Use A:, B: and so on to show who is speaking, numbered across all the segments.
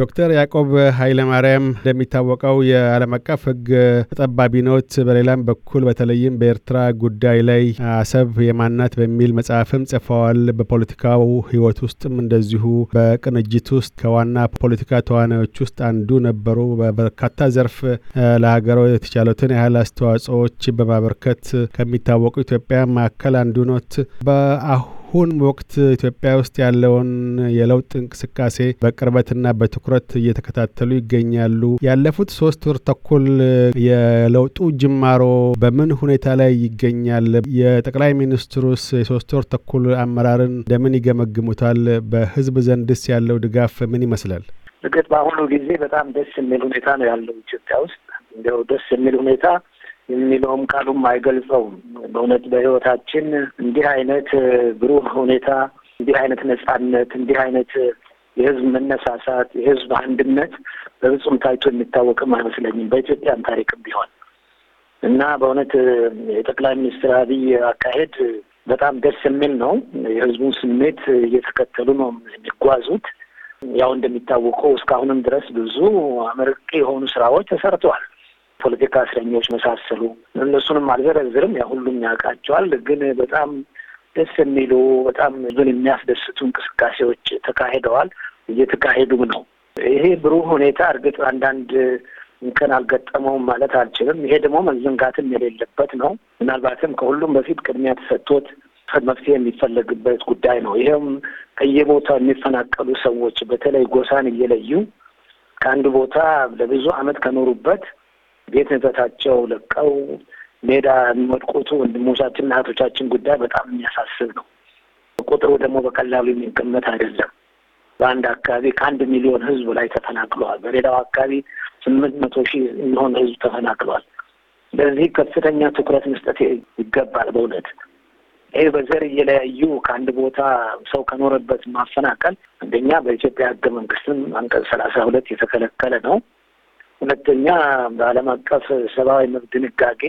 A: ዶክተር ያዕቆብ ኃይለማርያም እንደሚታወቀው የዓለም አቀፍ ሕግ ተጠባቢ ኖት። በሌላም በኩል በተለይም በኤርትራ ጉዳይ ላይ አሰብ የማናት በሚል መጽሐፍም ጽፈዋል። በፖለቲካው ሕይወት ውስጥም እንደዚሁ በቅንጅት ውስጥ ከዋና ፖለቲካ ተዋናዮች ውስጥ አንዱ ነበሩ። በበርካታ ዘርፍ ለሀገሮ የተቻሉትን ያህል አስተዋጽኦዎች በማበርከት ከሚታወቁ ኢትዮጵያ መካከል አንዱ ኖት በአሁ በአሁን ወቅት ኢትዮጵያ ውስጥ ያለውን የለውጥ እንቅስቃሴ በቅርበትና በትኩረት እየተከታተሉ ይገኛሉ። ያለፉት ሶስት ወር ተኩል የለውጡ ጅማሮ በምን ሁኔታ ላይ ይገኛል? የጠቅላይ ሚኒስትሩስ የሶስት ወር ተኩል አመራርን እንደምን ይገመግሙታል? በህዝብ ዘንድስ ያለው ድጋፍ ምን ይመስላል?
B: እርግጥ በአሁኑ ጊዜ በጣም ደስ የሚል ሁኔታ ነው ያለው ኢትዮጵያ ውስጥ እንዲያው ደስ የሚል ሁኔታ የሚለውም ቃሉም አይገልጸውም። በእውነት በህይወታችን እንዲህ አይነት ብሩህ ሁኔታ፣ እንዲህ አይነት ነጻነት፣ እንዲህ አይነት የህዝብ መነሳሳት፣ የህዝብ አንድነት በብጹም ታይቶ የሚታወቅም አይመስለኝም በኢትዮጵያም ታሪክም ቢሆን እና በእውነት የጠቅላይ ሚኒስትር አብይ አካሄድ በጣም ደስ የሚል ነው። የህዝቡን ስሜት እየተከተሉ ነው የሚጓዙት። ያው እንደሚታወቀው እስካሁንም ድረስ ብዙ አመርቂ የሆኑ ስራዎች ተሰርተዋል። ፖለቲካ እስረኞች መሳሰሉ። እነሱንም አልዘረዝርም፣ ያ ሁሉም ያውቃቸዋል። ግን በጣም ደስ የሚሉ በጣም ህዝብን የሚያስደስቱ እንቅስቃሴዎች ተካሂደዋል፣ እየተካሄዱም ነው። ይሄ ብሩህ ሁኔታ እርግጥ አንዳንድ እንከን አልገጠመውም ማለት አልችልም። ይሄ ደግሞ መዘንጋትም የሌለበት ነው። ምናልባትም ከሁሉም በፊት ቅድሚያ ተሰጥቶት መፍትሄ የሚፈለግበት ጉዳይ ነው። ይህም ከየቦታው የሚፈናቀሉ ሰዎች በተለይ ጎሳን እየለዩ ከአንድ ቦታ ለብዙ ዓመት ከኖሩበት ቤት ንብረታቸው ለቀው ሜዳ የሚወድቁት ወንድሞቻችንና እህቶቻችን ጉዳይ በጣም የሚያሳስብ ነው። ቁጥሩ ደግሞ በቀላሉ የሚገመት አይደለም። በአንድ አካባቢ ከአንድ ሚሊዮን ህዝብ ላይ ተፈናቅለዋል። በሌላው አካባቢ ስምንት መቶ ሺህ የሚሆን ህዝብ ተፈናቅለዋል። ለዚህ ከፍተኛ ትኩረት መስጠት ይገባል። በእውነት ይህ በዘር እየለያዩ ከአንድ ቦታ ሰው ከኖረበት ማፈናቀል አንደኛ በኢትዮጵያ ህገ መንግስትም አንቀጽ ሰላሳ ሁለት የተከለከለ ነው። ሁለተኛ በዓለም አቀፍ ሰብአዊ መብት ድንጋጌ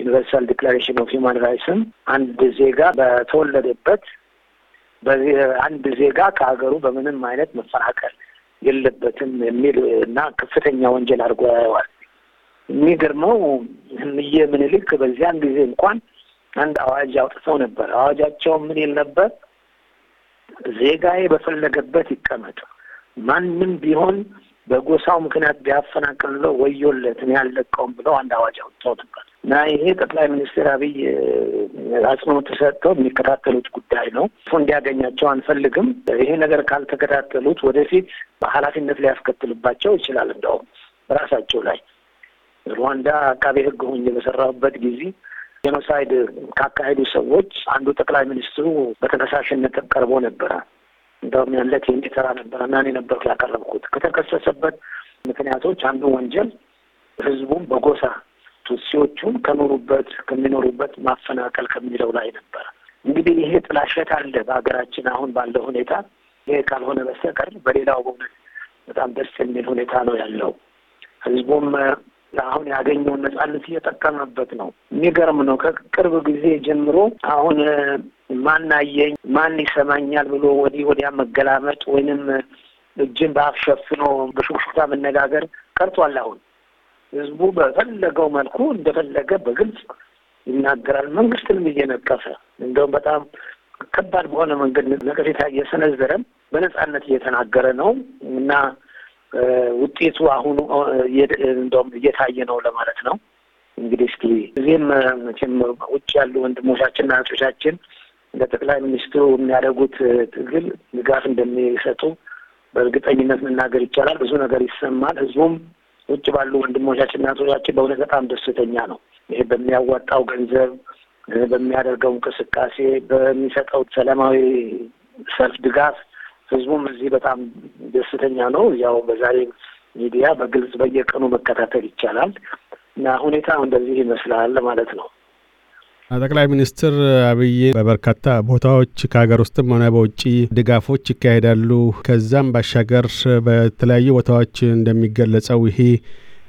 B: ዩኒቨርሳል ዲክላሬሽን ኦፍ ሂውማን ራይትስም አንድ ዜጋ በተወለደበት አንድ ዜጋ ከሀገሩ በምንም አይነት መፈናቀል የለበትም የሚል እና ከፍተኛ ወንጀል አድርጎ ያየዋል። የሚገርመው እምዬ ምኒልክ በዚያን ጊዜ እንኳን አንድ አዋጅ አውጥተው ነበር። አዋጃቸው ምን ይል ነበር? ዜጋዬ በፈለገበት ይቀመጥ፣ ማንም ቢሆን በጎሳው ምክንያት ቢያፈናቅልለው ወዮለት እኔ አልለቀውም ብለው አንድ አዋጅ አውጥተው ነበር እና ይሄ ጠቅላይ ሚኒስትር አብይ አጽንኦት ተሰጥተው የሚከታተሉት ጉዳይ ነው። እንዲያገኛቸው አንፈልግም። ይሄ ነገር ካልተከታተሉት ወደፊት ኃላፊነት ሊያስከትልባቸው ይችላል። እንደውም በራሳቸው ላይ ሩዋንዳ አቃቤ ሕግ ሆኜ በሰራሁበት ጊዜ ጄኖሳይድ ካካሄዱ ሰዎች አንዱ ጠቅላይ ሚኒስትሩ በተከሳሽነት ቀርቦ ነበረ። እንደውም ያለት እንዲሰራ ነበረ እና እኔ ነበርኩ ያቀረብኩት። ከተከሰሰበት ምክንያቶች አንዱ ወንጀል ህዝቡም በጎሳ ቱሲዎቹን ከኖሩበት ከሚኖሩበት ማፈናቀል ከሚለው ላይ ነበረ። እንግዲህ ይሄ ጥላሸት አለ በሀገራችን አሁን ባለው ሁኔታ። ይሄ ካልሆነ በስተቀር በሌላው በእውነት በጣም ደስ የሚል ሁኔታ ነው ያለው። ህዝቡም አሁን ያገኘውን ነጻነት እየጠቀመበት ነው። የሚገርም ነው። ከቅርብ ጊዜ ጀምሮ አሁን ማን አየኝ ማን ይሰማኛል ብሎ ወዲህ ወዲያ መገላመጥ ወይንም እጅን በአፍ ሸፍኖ በሹክሹክታ መነጋገር ቀርቷል። አሁን ህዝቡ በፈለገው መልኩ እንደፈለገ በግልጽ ይናገራል። መንግስትንም እየነቀፈ እንደውም በጣም ከባድ በሆነ መንገድ ነቀፌታ እየሰነዘረም በነጻነት እየተናገረ ነው እና ውጤቱ አሁኑ እንደውም እየታየ ነው ለማለት ነው። እንግዲህ እስኪ እዚህም መቼም ውጭ ያሉ ወንድሞቻችንና እህቶቻችን ለጠቅላይ ሚኒስትሩ የሚያደርጉት ትግል ድጋፍ እንደሚሰጡ በእርግጠኝነት መናገር ይቻላል። ብዙ ነገር ይሰማል። ህዝቡም ውጭ ባሉ እና እህቶቻችን በእውነት በጣም ደስተኛ ነው። ይሄ በሚያዋጣው ገንዘብ፣ በሚያደርገው እንቅስቃሴ፣ በሚሰጠው ሰላማዊ ሰልፍ ድጋፍ ህዝቡም እዚህ በጣም ደስተኛ ነው። ያው በዛሬ ሚዲያ በግልጽ በየቀኑ መከታተል ይቻላል እና ሁኔታ እንደዚህ ይመስላል ማለት ነው።
A: ጠቅላይ ሚኒስትር አብይ በበርካታ ቦታዎች ከሀገር ውስጥም ሆነ በውጭ ድጋፎች ይካሄዳሉ። ከዛም ባሻገር በተለያዩ ቦታዎች እንደሚገለጸው ይሄ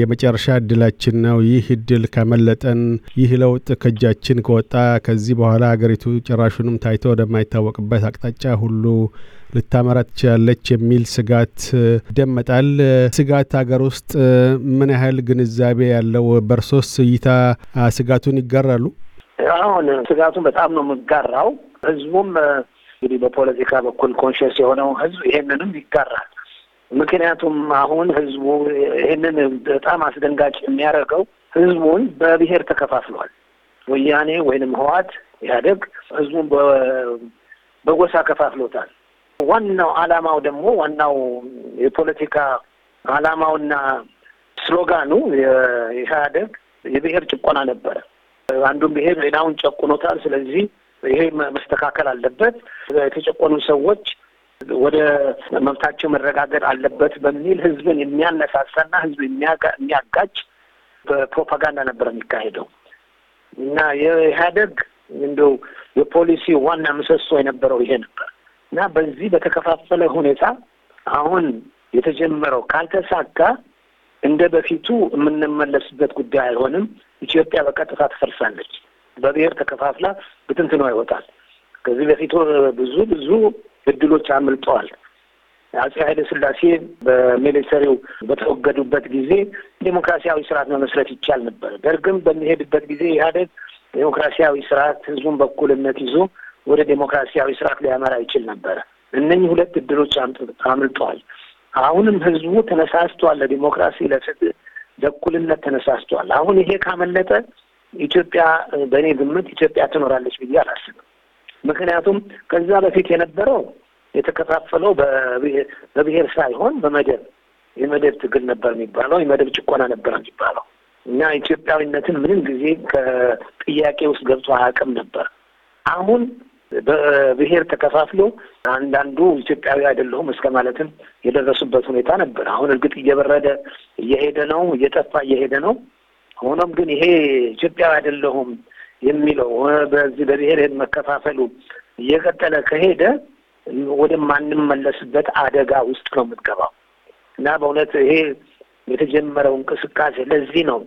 A: የመጨረሻ እድላችን ነው። ይህ እድል ከመለጠን ይህ ለውጥ ከእጃችን ከወጣ ከዚህ በኋላ አገሪቱ ጭራሹንም ታይቶ ወደማይታወቅበት አቅጣጫ ሁሉ ልታመራ ትችላለች የሚል ስጋት ይደመጣል። ስጋት ሀገር ውስጥ ምን ያህል ግንዛቤ ያለው በርሶስ እይታ ስጋቱን ይጋራሉ?
B: አሁን ስጋቱን በጣም ነው የምጋራው። ህዝቡም እንግዲህ በፖለቲካ በኩል ኮንሽስ የሆነው ህዝብ ይሄንንም ይጋራል። ምክንያቱም አሁን ህዝቡ ይህንን በጣም አስደንጋጭ የሚያደርገው ህዝቡን በብሔር ተከፋፍሏል። ወያኔ ወይንም ህዋት ያደግ ህዝቡን በጎሳ ከፋፍሎታል። ዋናው አላማው ደግሞ ዋናው የፖለቲካ አላማውና ስሎጋኑ የኢህአዴግ የብሔር ጭቆና ነበረ። አንዱን ብሄር ሌላውን ጨቁኖታል። ስለዚህ ይሄ መስተካከል አለበት። የተጨቆኑ ሰዎች ወደ መብታቸው መረጋገጥ አለበት በሚል ህዝብን የሚያነሳሳና ህዝብ የሚያጋጭ በፕሮፓጋንዳ ነበር የሚካሄደው እና የኢህአደግ እንደው የፖሊሲ ዋና ምሰሶ የነበረው ይሄ ነበር እና በዚህ በተከፋፈለ ሁኔታ አሁን የተጀመረው ካልተሳካ እንደ በፊቱ የምንመለስበት ጉዳይ አይሆንም። ኢትዮጵያ በቀጥታ ትፈርሳለች። በብሔር ተከፋፍላ ብትንትኗ ይወጣል። ከዚህ በፊት ብዙ ብዙ እድሎች አምልጠዋል። አጼ ኃይለ ስላሴ በሚሊተሪው በተወገዱበት ጊዜ ዴሞክራሲያዊ ስርዓት መመስረት ይቻል ነበር። ደርግም በሚሄድበት ጊዜ ኢህአዴግ ዴሞክራሲያዊ ስርዓት ህዝቡን በኩልነት ይዞ ወደ ዴሞክራሲያዊ ስርዓት ሊያመራ ይችል ነበረ። እነኚህ ሁለት እድሎች አምልጠዋል። አሁንም ህዝቡ ተነሳስቷል። ለዲሞክራሲ፣ ለፍትህ፣ በእኩልነት ተነሳስቷል። አሁን ይሄ ካመለጠ ኢትዮጵያ በእኔ ግምት ኢትዮጵያ ትኖራለች ብዬ አላስብም። ምክንያቱም ከዛ በፊት የነበረው የተከፋፈለው በብሔር ሳይሆን በመደብ የመደብ ትግል ነበር የሚባለው፣ የመደብ ጭቆና ነበር የሚባለው እና ኢትዮጵያዊነትን ምንም ጊዜ ከጥያቄ ውስጥ ገብቶ አያውቅም ነበር። አሁን በብሔር ተከፋፍሎ አንዳንዱ ኢትዮጵያዊ አይደለሁም እስከ ማለትም የደረሱበት ሁኔታ ነበር። አሁን እርግጥ እየበረደ እየሄደ ነው፣ እየጠፋ እየሄደ ነው። ሆኖም ግን ይሄ ኢትዮጵያዊ አይደለሁም የሚለው በዚህ በብሔር መከፋፈሉ እየቀጠለ ከሄደ ወደማንመለስበት አደጋ ውስጥ ነው የምትገባው እና በእውነት ይሄ የተጀመረው እንቅስቃሴ ለዚህ ነው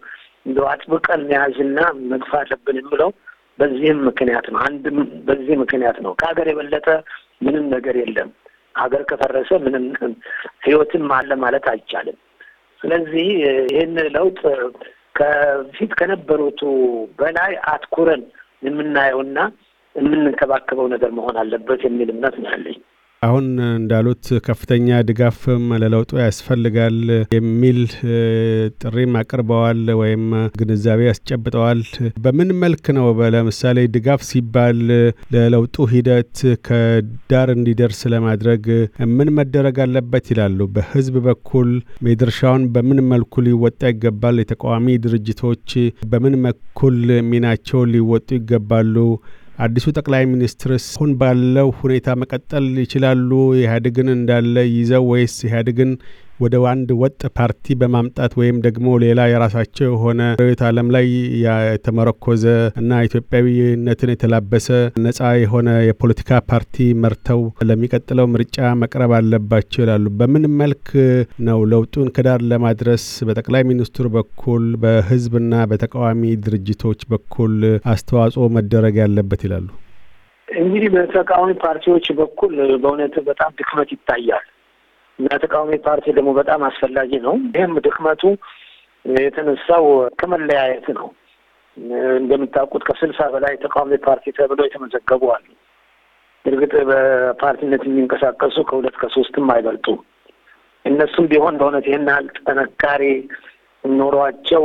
B: እንደው አጥብቀን መያዝና መግፋ አለብን የምለው በዚህም ምክንያት ነው። አንድም በዚህ ምክንያት ነው። ከሀገር የበለጠ ምንም ነገር የለም። ሀገር ከፈረሰ ምንም ህይወትም አለ ማለት አይቻልም። ስለዚህ ይህን ለውጥ ከፊት ከነበሩቱ በላይ አትኩረን የምናየውና የምንንከባከበው ነገር መሆን አለበት የሚል እምነት ነው
A: ያለኝ። አሁን እንዳሉት ከፍተኛ ድጋፍም ለለውጡ ያስፈልጋል የሚል ጥሪም አቅርበዋል ወይም ግንዛቤ ያስጨብጠዋል። በምን መልክ ነው ለምሳሌ ድጋፍ ሲባል ለለውጡ ሂደት ከዳር እንዲደርስ ለማድረግ ምን መደረግ አለበት ይላሉ? በህዝብ በኩል የድርሻውን በምን መልኩ ሊወጣ ይገባል? የተቃዋሚ ድርጅቶች በምን በኩል ሚናቸው ሊወጡ ይገባሉ? አዲሱ ጠቅላይ ሚኒስትርስ አሁን ባለው ሁኔታ መቀጠል ይችላሉ ኢህአዴግን እንዳለ ይዘው ወይስ ኢህአዴግን ወደ አንድ ወጥ ፓርቲ በማምጣት ወይም ደግሞ ሌላ የራሳቸው የሆነ ሬት ዓለም ላይ የተመረኮዘ እና ኢትዮጵያዊነትን የተላበሰ ነጻ የሆነ የፖለቲካ ፓርቲ መርተው ለሚቀጥለው ምርጫ መቅረብ አለባቸው ይላሉ። በምን መልክ ነው ለውጡን ከዳር ለማድረስ በጠቅላይ ሚኒስትሩ በኩል በህዝብና በተቃዋሚ ድርጅቶች በኩል አስተዋጽኦ መደረግ ያለበት ይላሉ?
B: እንግዲህ በተቃዋሚ ፓርቲዎች በኩል በእውነት በጣም ድክመት ይታያል። እና ተቃዋሚ ፓርቲ ደግሞ በጣም አስፈላጊ ነው። ይህም ድክመቱ የተነሳው ከመለያየት ነው። እንደምታውቁት ከስልሳ በላይ ተቃዋሚ ፓርቲ ተብሎ የተመዘገቡ አሉ። እርግጥ በፓርቲነት የሚንቀሳቀሱ ከሁለት ከሶስትም አይበልጡ እነሱም ቢሆን በእውነት ይህን ያህል ጥንካሬ ኖሯቸው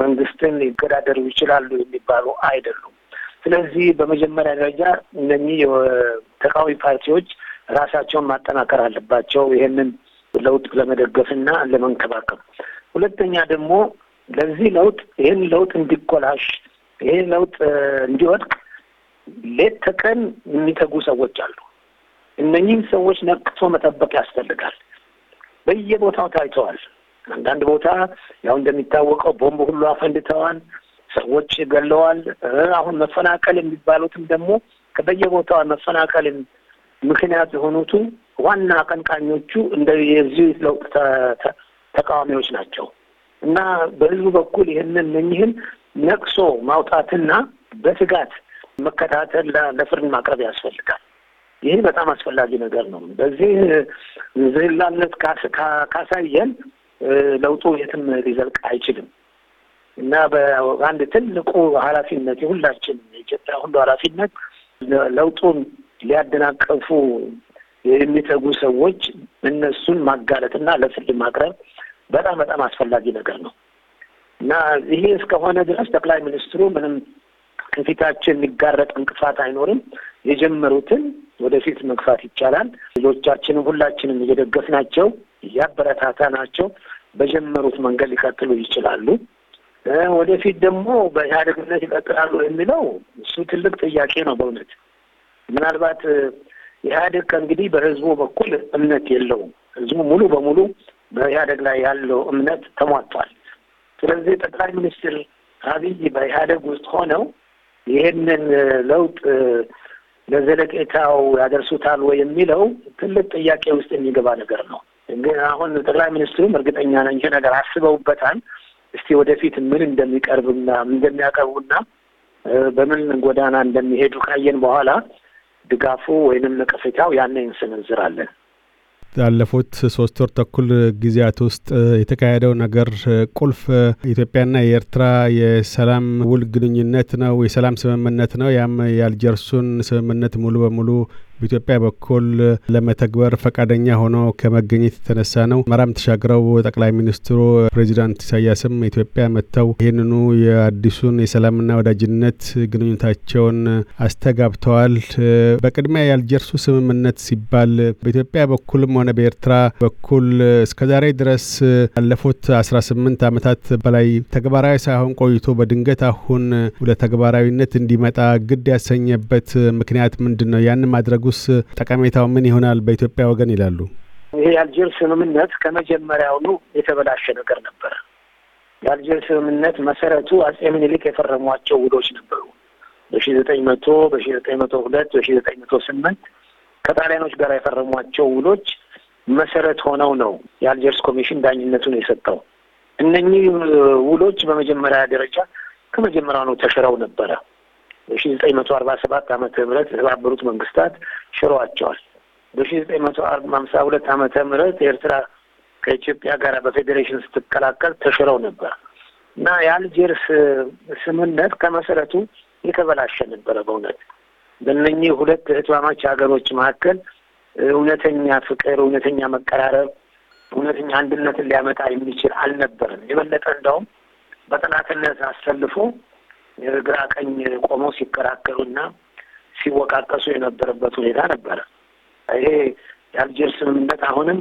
B: መንግስትን ሊገዳደሩ ይችላሉ የሚባሉ አይደሉም። ስለዚህ በመጀመሪያ ደረጃ እነኚህ ተቃዋሚ ፓርቲዎች ራሳቸውን ማጠናከር አለባቸው። ይሄንን ለውጥ ለመደገፍና ለመንከባከብ፣ ሁለተኛ ደግሞ ለዚህ ለውጥ ይህን ለውጥ እንዲኮላሽ ይህ ለውጥ እንዲወድቅ ሌት ተቀን የሚተጉ ሰዎች አሉ። እነኚህን ሰዎች ነቅቶ መጠበቅ ያስፈልጋል። በየቦታው ታይተዋል። አንዳንድ ቦታ ያው እንደሚታወቀው ቦምብ ሁሉ አፈንድተዋል፣ ሰዎች ገለዋል። አሁን መፈናቀል የሚባሉትም ደግሞ ከበየቦታው መፈናቀል ምክንያት የሆኑቱ ዋና አቀንቃኞቹ እንደ የዚህ ለውጥ ተቃዋሚዎች ናቸው እና በህዝቡ በኩል ይህንን እኚህን ነቅሶ ማውጣትና በትጋት መከታተል ለፍርድ ማቅረብ ያስፈልጋል። ይህ በጣም አስፈላጊ ነገር ነው። በዚህ ዝላነት ካሳየን ለውጡ የትም ሊዘልቅ አይችልም እና በአንድ ትልቁ ኃላፊነት የሁላችን የኢትዮጵያ ሁሉ ኃላፊነት ለውጡን ሊያደናቀፉ የሚተጉ ሰዎች እነሱን ማጋለጥና ለፍርድ ማቅረብ በጣም በጣም አስፈላጊ ነገር ነው እና ይሄ እስከሆነ ድረስ ጠቅላይ ሚኒስትሩ ምንም ከፊታችን የሚጋረጥ እንቅፋት አይኖርም። የጀመሩትን ወደፊት መግፋት ይቻላል። ልጆቻችንም ሁላችንም እየደገፍናቸው እያበረታታናቸው በጀመሩት መንገድ ሊቀጥሉ ይችላሉ። ወደፊት ደግሞ በኢህአዴግነት ይቀጥላሉ የሚለው እሱ ትልቅ ጥያቄ ነው በእውነት ምናልባት ኢህአዴግ ከእንግዲህ በህዝቡ በኩል እምነት የለውም። ህዝቡ ሙሉ በሙሉ በኢህአዴግ ላይ ያለው እምነት ተሟጧል። ስለዚህ ጠቅላይ ሚኒስትር አብይ በኢህአዴግ ውስጥ ሆነው ይህንን ለውጥ ለዘለቄታው ያደርሱታል ወይ የሚለው ትልቅ ጥያቄ ውስጥ የሚገባ ነገር ነው። ግን አሁን ጠቅላይ ሚኒስትሩም እርግጠኛ ነኝ ይሄ ነገር አስበውበታል። እስቲ ወደፊት ምን እንደሚቀርብና እንደሚያቀርቡና በምን ጎዳና እንደሚሄዱ ካየን በኋላ ድጋፉ ወይንም ነቀፌታው ያን እንሰነዝራለን።
A: ያለፉት ሶስት ወር ተኩል ጊዜያት ውስጥ የተካሄደው ነገር ቁልፍ ኢትዮጵያና የኤርትራ የሰላም ውል ግንኙነት ነው፣ የሰላም ስምምነት ነው። ያም የአልጀርሱን ስምምነት ሙሉ በሙሉ በኢትዮጵያ በኩል ለመተግበር ፈቃደኛ ሆኖ ከመገኘት የተነሳ ነው። መራም ተሻግረው ጠቅላይ ሚኒስትሩ ፕሬዚዳንት ኢሳያስም ኢትዮጵያ መጥተው ይህንኑ የአዲሱን የሰላምና ወዳጅነት ግንኙነታቸውን አስተጋብተዋል። በቅድሚያ ያልጀርሱ ስምምነት ሲባል በኢትዮጵያ በኩልም ሆነ በኤርትራ በኩል እስከዛሬ ድረስ ባለፉት አስራ ስምንት ዓመታት በላይ ተግባራዊ ሳይሆን ቆይቶ በድንገት አሁን ወደ ተግባራዊነት እንዲመጣ ግድ ያሰኘበት ምክንያት ምንድን ነው? ያን ማድረጉ ማድረጉስ ጠቀሜታው ምን ይሆናል በኢትዮጵያ ወገን ይላሉ።
B: ይሄ የአልጀር ስምምነት ከመጀመሪያውኑ የተበላሸ ነገር ነበር። የአልጀር ስምምነት መሰረቱ አጼ ምኒልክ የፈረሟቸው ውሎች ነበሩ። በሺ ዘጠኝ መቶ በሺ ዘጠኝ መቶ ሁለት በሺ ዘጠኝ መቶ ስምንት ከጣሊያኖች ጋር የፈረሟቸው ውሎች መሰረት ሆነው ነው የአልጀርስ ኮሚሽን ዳኝነቱን የሰጠው። እነኚህ ውሎች በመጀመሪያ ደረጃ ነው ተሽረው ነበረ። በሺ ዘጠኝ መቶ አርባ ሰባት ዓመተ ምህረት የተባበሩት መንግስታት ሽሯቸዋል። በሺ ዘጠኝ መቶ ሀምሳ ሁለት ዓመተ ምህረት ኤርትራ ከኢትዮጵያ ጋር በፌዴሬሽን ስትቀላቀል ተሽረው ነበር እና የአልጀርስ ስምምነት ከመሰረቱ የተበላሸ ነበረ። በእውነት በነኚህ ሁለት እህትማማች ሀገሮች መካከል እውነተኛ ፍቅር፣ እውነተኛ መቀራረብ፣ እውነተኛ አንድነትን ሊያመጣ የሚችል አልነበረም። የበለጠ እንደውም በጠላትነት አሰልፎ ግራ ቀኝ ቆመው ሲከራከሩና ሲወቃቀሱ የነበረበት ሁኔታ ነበረ። ይሄ የአልጀር ስምምነት አሁንም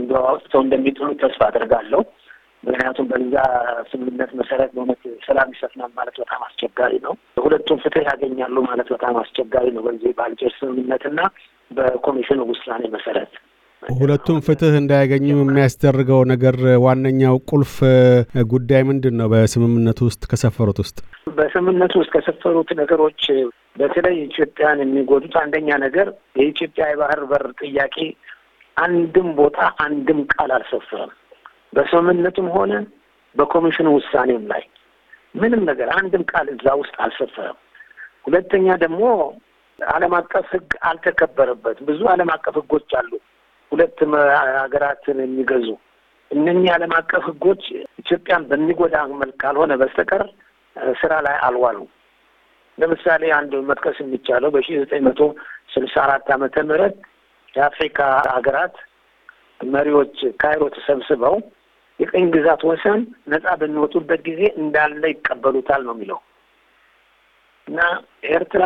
B: እንደው አውጥተው እንደሚጥሉ ተስፋ አድርጋለሁ። ምክንያቱም በዛ ስምምነት መሰረት በእውነት ሰላም ይሰፍናል ማለት በጣም አስቸጋሪ ነው። ሁለቱም ፍትህ ያገኛሉ ማለት በጣም አስቸጋሪ ነው። በዚህ በአልጀር ስምምነትና በኮሚሽኑ ውሳኔ መሰረት
A: ሁለቱም ፍትህ እንዳያገኙ የሚያስደርገው ነገር ዋነኛው ቁልፍ ጉዳይ ምንድን ነው? በስምምነቱ ውስጥ ከሰፈሩት
B: ውስጥ በስምምነቱ ውስጥ ከሰፈሩት ነገሮች በተለይ ኢትዮጵያን የሚጎዱት አንደኛ ነገር የኢትዮጵያ የባህር በር ጥያቄ አንድም ቦታ አንድም ቃል አልሰፈረም። በስምምነቱም ሆነ በኮሚሽኑ ውሳኔም ላይ ምንም ነገር አንድም ቃል እዛ ውስጥ አልሰፈረም። ሁለተኛ ደግሞ ዓለም አቀፍ ሕግ አልተከበረበትም። ብዙ ዓለም አቀፍ ሕጎች አሉ ሁለት ሀገራትን የሚገዙ እነኚህ ዓለም አቀፍ ህጎች ኢትዮጵያን በሚጎዳ መልክ ካልሆነ በስተቀር ስራ ላይ አልዋሉ። ለምሳሌ አንድ መጥቀስ የሚቻለው በሺ ዘጠኝ መቶ ስልሳ አራት ዓመተ ምህረት የአፍሪካ ሀገራት መሪዎች ካይሮ ተሰብስበው የቅኝ ግዛት ወሰን ነጻ በሚወጡበት ጊዜ እንዳለ ይቀበሉታል ነው የሚለው እና ኤርትራ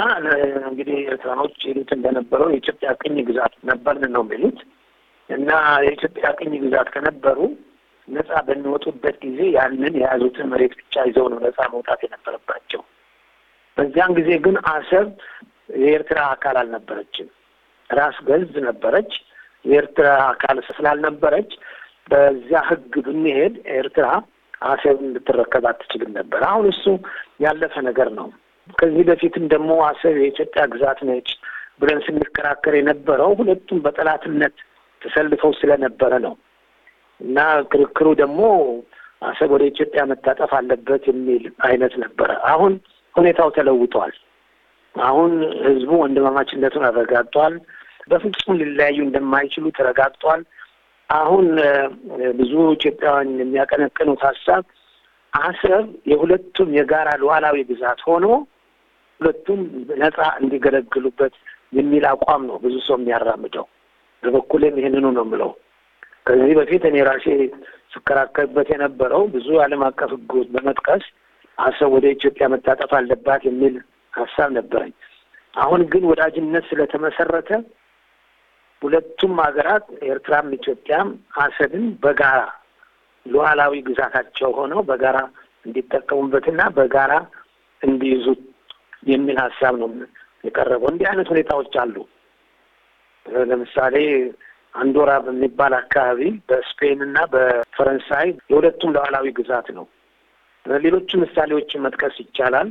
B: እንግዲህ ኤርትራኖች ይሉት እንደነበረው የኢትዮጵያ ቅኝ ግዛት ነበርን ነው የሚሉት እና የኢትዮጵያ ቅኝ ግዛት ከነበሩ ነጻ በሚወጡበት ጊዜ ያንን የያዙትን መሬት ብቻ ይዘው ነው ነጻ መውጣት የነበረባቸው። በዚያን ጊዜ ግን አሰብ የኤርትራ አካል አልነበረችም፣ ራስ ገዝ ነበረች። የኤርትራ አካል ስላልነበረች በዚያ ህግ ብንሄድ ኤርትራ አሰብ እንድትረከብ አትችልም ነበር። አሁን እሱ ያለፈ ነገር ነው። ከዚህ በፊትም ደግሞ አሰብ የኢትዮጵያ ግዛት ነች ብለን ስንከራከር የነበረው ሁለቱም በጠላትነት ተሰልፈው ስለነበረ ነው እና ክርክሩ ደግሞ አሰብ ወደ ኢትዮጵያ መታጠፍ አለበት የሚል አይነት ነበረ። አሁን ሁኔታው ተለውጧል። አሁን ህዝቡ ወንድማማችነቱን አረጋግጧል። በፍጹም ሊለያዩ እንደማይችሉ ተረጋግጧል። አሁን ብዙ ኢትዮጵያውያን የሚያቀነቅኑት ሀሳብ አሰብ የሁለቱም የጋራ ሉዓላዊ ግዛት ሆኖ ሁለቱም ነጻ እንዲገለግሉበት የሚል አቋም ነው ብዙ ሰው የሚያራምደው። በበኩሌም ይህንኑ ነው የምለው። ከዚህ በፊት እኔ ራሴ ስከራከርበት የነበረው ብዙ ዓለም አቀፍ ህጎች በመጥቀስ አሰብ ወደ ኢትዮጵያ መታጠፍ አለባት የሚል ሀሳብ ነበረኝ። አሁን ግን ወዳጅነት ስለተመሰረተ ሁለቱም ሀገራት ኤርትራም ኢትዮጵያም አሰብን በጋራ ሉዓላዊ ግዛታቸው ሆነው በጋራ እንዲጠቀሙበትና በጋራ እንዲይዙት የሚል ሀሳብ ነው የቀረበው። እንዲህ አይነት ሁኔታዎች አሉ። ለምሳሌ አንዶራ በሚባል አካባቢ በስፔን እና በፈረንሳይ የሁለቱም ሉዓላዊ ግዛት ነው። ሌሎቹ ምሳሌዎችን መጥቀስ ይቻላል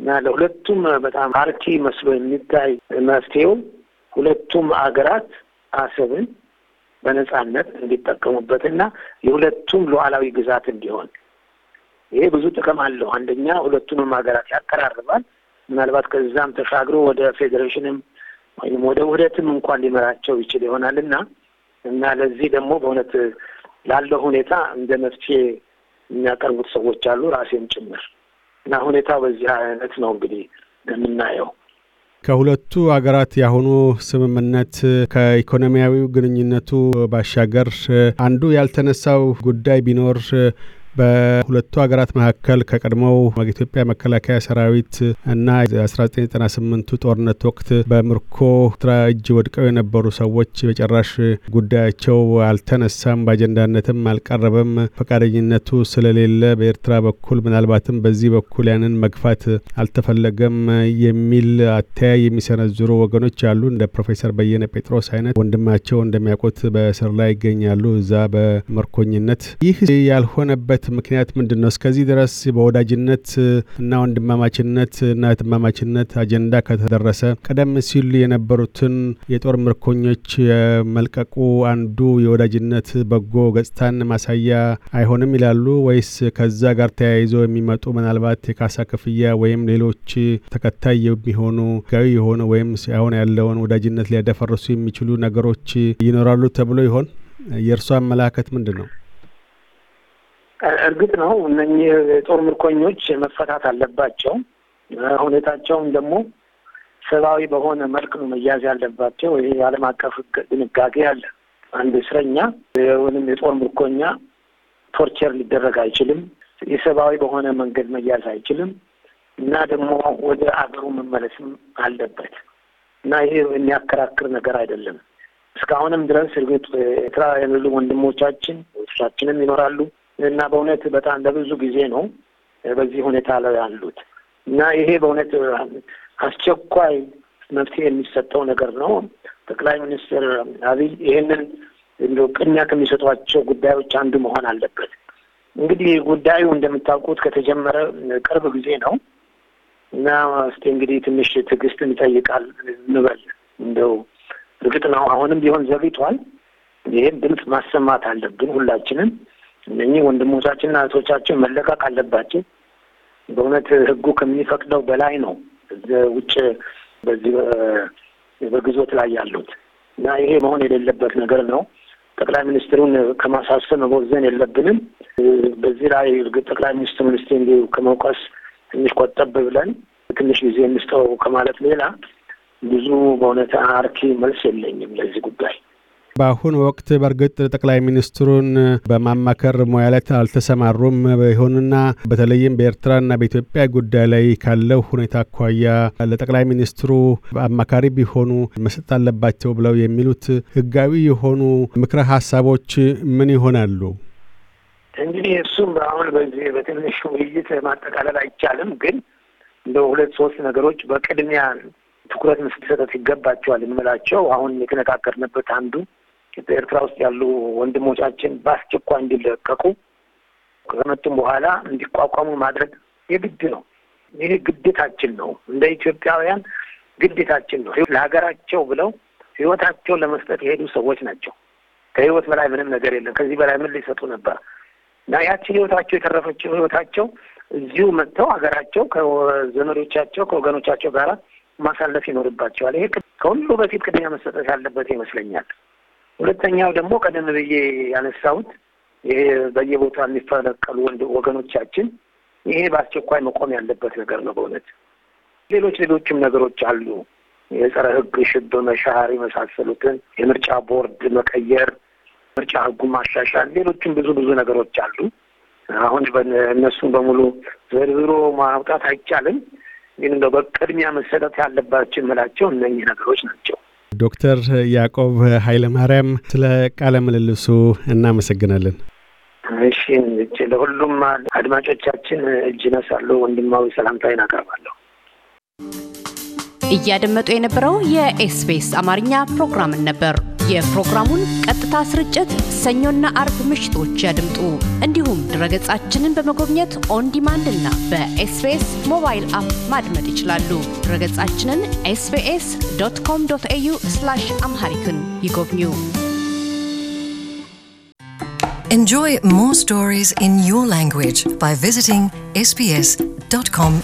B: እና ለሁለቱም በጣም አርኪ መስሎ የሚታይ መፍትሄው ሁለቱም አገራት አሰብን በነጻነት እንዲጠቀሙበትና የሁለቱም ሉዓላዊ ግዛት እንዲሆን ይሄ ብዙ ጥቅም አለው። አንደኛ ሁለቱንም ሀገራት ያቀራርባል። ምናልባት ከዛም ተሻግሮ ወደ ፌዴሬሽንም ወይም ወደ ውህደትም እንኳን ሊመራቸው ይችል ይሆናል እና እና ለዚህ ደግሞ በእውነት ላለው ሁኔታ እንደ መፍትሄ የሚያቀርቡት ሰዎች አሉ፣ ራሴም ጭምር እና ሁኔታው በዚህ አይነት ነው እንግዲህ የምናየው።
A: ከሁለቱ አገራት ያሁኑ ስምምነት ከኢኮኖሚያዊው ግንኙነቱ ባሻገር አንዱ ያልተነሳው ጉዳይ ቢኖር በሁለቱ ሀገራት መካከል ከቀድሞው ኢትዮጵያ መከላከያ ሰራዊት እና 1998ቱ ጦርነት ወቅት በምርኮ ኤርትራ እጅ ወድቀው የነበሩ ሰዎች በጭራሽ ጉዳያቸው አልተነሳም፣ በአጀንዳነትም አልቀረበም። ፈቃደኝነቱ ስለሌለ በኤርትራ በኩል ምናልባትም በዚህ በኩል ያንን መግፋት አልተፈለገም የሚል አተያይ የሚሰነዝሩ ወገኖች አሉ። እንደ ፕሮፌሰር በየነ ጴጥሮስ አይነት ወንድማቸው እንደሚያውቁት በእስር ላይ ይገኛሉ፣ እዛ በምርኮኝነት ይህ ያልሆነበት ያልሆነበት ምክንያት ምንድን ነው? እስከዚህ ድረስ በወዳጅነት እና ወንድማማችነት እና እህትማማችነት አጀንዳ ከተደረሰ ቀደም ሲል የነበሩትን የጦር ምርኮኞች መልቀቁ አንዱ የወዳጅነት በጎ ገጽታን ማሳያ አይሆንም ይላሉ ወይስ ከዛ ጋር ተያይዞ የሚመጡ ምናልባት የካሳ ክፍያ ወይም ሌሎች ተከታይ የሚሆኑ ህጋዊ የሆነ ወይም አሁን ያለውን ወዳጅነት ሊያደፈርሱ የሚችሉ ነገሮች ይኖራሉ ተብሎ ይሆን? የእርሷ አመላከት ምንድን ነው?
B: እርግጥ ነው እነኚህ የጦር ምርኮኞች መፈታት አለባቸው። ሁኔታቸውም ደግሞ ሰብአዊ በሆነ መልክ ነው መያዝ ያለባቸው። ይ የዓለም አቀፍ ሕግ ድንጋጌ አለ። አንድ እስረኛ ወይም የጦር ምርኮኛ ቶርቸር ሊደረግ አይችልም። የሰብአዊ በሆነ መንገድ መያዝ አይችልም እና ደግሞ ወደ አገሩ መመለስም አለበት እና ይሄ የሚያከራክር ነገር አይደለም። እስካሁንም ድረስ እርግጥ ኤርትራ ያሉ ወንድሞቻችን ስራችንም ይኖራሉ እና በእውነት በጣም ለብዙ ጊዜ ነው በዚህ ሁኔታ ላይ ያሉት እና ይሄ በእውነት አስቸኳይ መፍትሄ የሚሰጠው ነገር ነው። ጠቅላይ ሚኒስትር አብይ ይህንን እንደ ቅድሚያ ከሚሰጧቸው ጉዳዮች አንዱ መሆን አለበት። እንግዲህ ጉዳዩ እንደምታውቁት ከተጀመረ ቅርብ ጊዜ ነው እና እስኪ እንግዲህ ትንሽ ትዕግስትን ይጠይቃል እንበል። እንደው እርግጥ ነው አሁንም ቢሆን ዘግቷል። ይህም ድምፅ ማሰማት አለብን ሁላችንም እነኚህ ወንድሞቻችንና እህቶቻችን መለቀቅ አለባቸው። በእውነት ህጉ ከሚፈቅደው በላይ ነው። እዚ ውጭ በዚህ በግዞት ላይ ያሉት እና ይሄ መሆን የሌለበት ነገር ነው። ጠቅላይ ሚኒስትሩን ከማሳሰብ መቦዘን የለብንም። በዚህ ላይ እርግጥ ጠቅላይ ሚኒስትሩን ሚኒስቴ እንዲሁ ከመውቀስ ትንሽ ቆጠብ ብለን ትንሽ ጊዜ እንስጠው ከማለት ሌላ ብዙ በእውነት አርኪ መልስ የለኝም ለዚህ ጉዳይ።
A: በአሁን ወቅት በእርግጥ ጠቅላይ ሚኒስትሩን በማማከር ሙያ ላይ አልተሰማሩም። ይሁንና በተለይም በኤርትራና በኢትዮጵያ ጉዳይ ላይ ካለው ሁኔታ አኳያ ለጠቅላይ ሚኒስትሩ አማካሪ ቢሆኑ መሰጥ አለባቸው ብለው የሚሉት ህጋዊ የሆኑ ምክረ ሀሳቦች ምን ይሆናሉ?
B: እንግዲህ እሱም አሁን በዚህ በትንሽ ውይይት ማጠቃለል አይቻልም። ግን እንደ ሁለት ሶስት ነገሮች በቅድሚያ ትኩረት ሰጠት ይገባቸዋል የምላቸው አሁን የተነጋገርንበት አንዱ ኤርትራ ውስጥ ያሉ ወንድሞቻችን በአስቸኳይ እንዲለቀቁ ከመጡም በኋላ እንዲቋቋሙ ማድረግ የግድ ነው። ይህ ግዴታችን ነው። እንደ ኢትዮጵያውያን ግዴታችን ነው። ለሀገራቸው ብለው ህይወታቸው ለመስጠት የሄዱ ሰዎች ናቸው። ከህይወት በላይ ምንም ነገር የለም። ከዚህ በላይ ምን ሊሰጡ ነበር? እና ያችን ህይወታቸው የተረፈችው ህይወታቸው እዚሁ መጥተው ሀገራቸው ከዘመዶቻቸው ከወገኖቻቸው ጋር ማሳለፍ ይኖርባቸዋል። ይሄ ከሁሉ በፊት ቅድሚያ መሰጠት ያለበት ይመስለኛል። ሁለተኛው ደግሞ ቀደም ብዬ ያነሳሁት ይሄ በየቦታው የሚፈለቀሉ ወገኖቻችን ይሄ በአስቸኳይ መቆም ያለበት ነገር ነው። በእውነት ሌሎች ሌሎችም ነገሮች አሉ። የጸረ ህግ ሽብ መሻሪ የመሳሰሉትን የምርጫ ቦርድ መቀየር፣ ምርጫ ህጉ ማሻሻል፣ ሌሎችም ብዙ ብዙ ነገሮች አሉ። አሁን እነሱን በሙሉ ዘርዝሮ ማውጣት አይቻልም። ግን እንደው በቅድሚያ መሰረት ያለባቸው የምላቸው እነኚህ ነገሮች ናቸው።
A: ዶክተር ያዕቆብ ኃይለማርያም ስለ ቃለ ምልልሱ እናመሰግናለን።
B: እሺ ለሁሉም አድማጮቻችን እጅ ነሳለሁ፣ ወንድማዊ ሰላምታዬን አቀርባለሁ።
A: እያደመጡ የነበረው የኤስቢኤስ አማርኛ ፕሮግራምን ነበር። የፕሮግራሙን ቀጥታ ስርጭት ሰኞና አርብ ምሽቶች ያድምጡ። እንዲሁም ድረገጻችንን በመጎብኘት ኦን ዲማንድ እና በኤስቤስ ሞባይል አፕ ማድመጥ ይችላሉ። ድረገጻችንን ኤስቤስ ዶት ኮም ዶት ኤዩ አምሃሪክን ይጎብኙ። Enjoy more stories in your language by visiting sbs.com.au.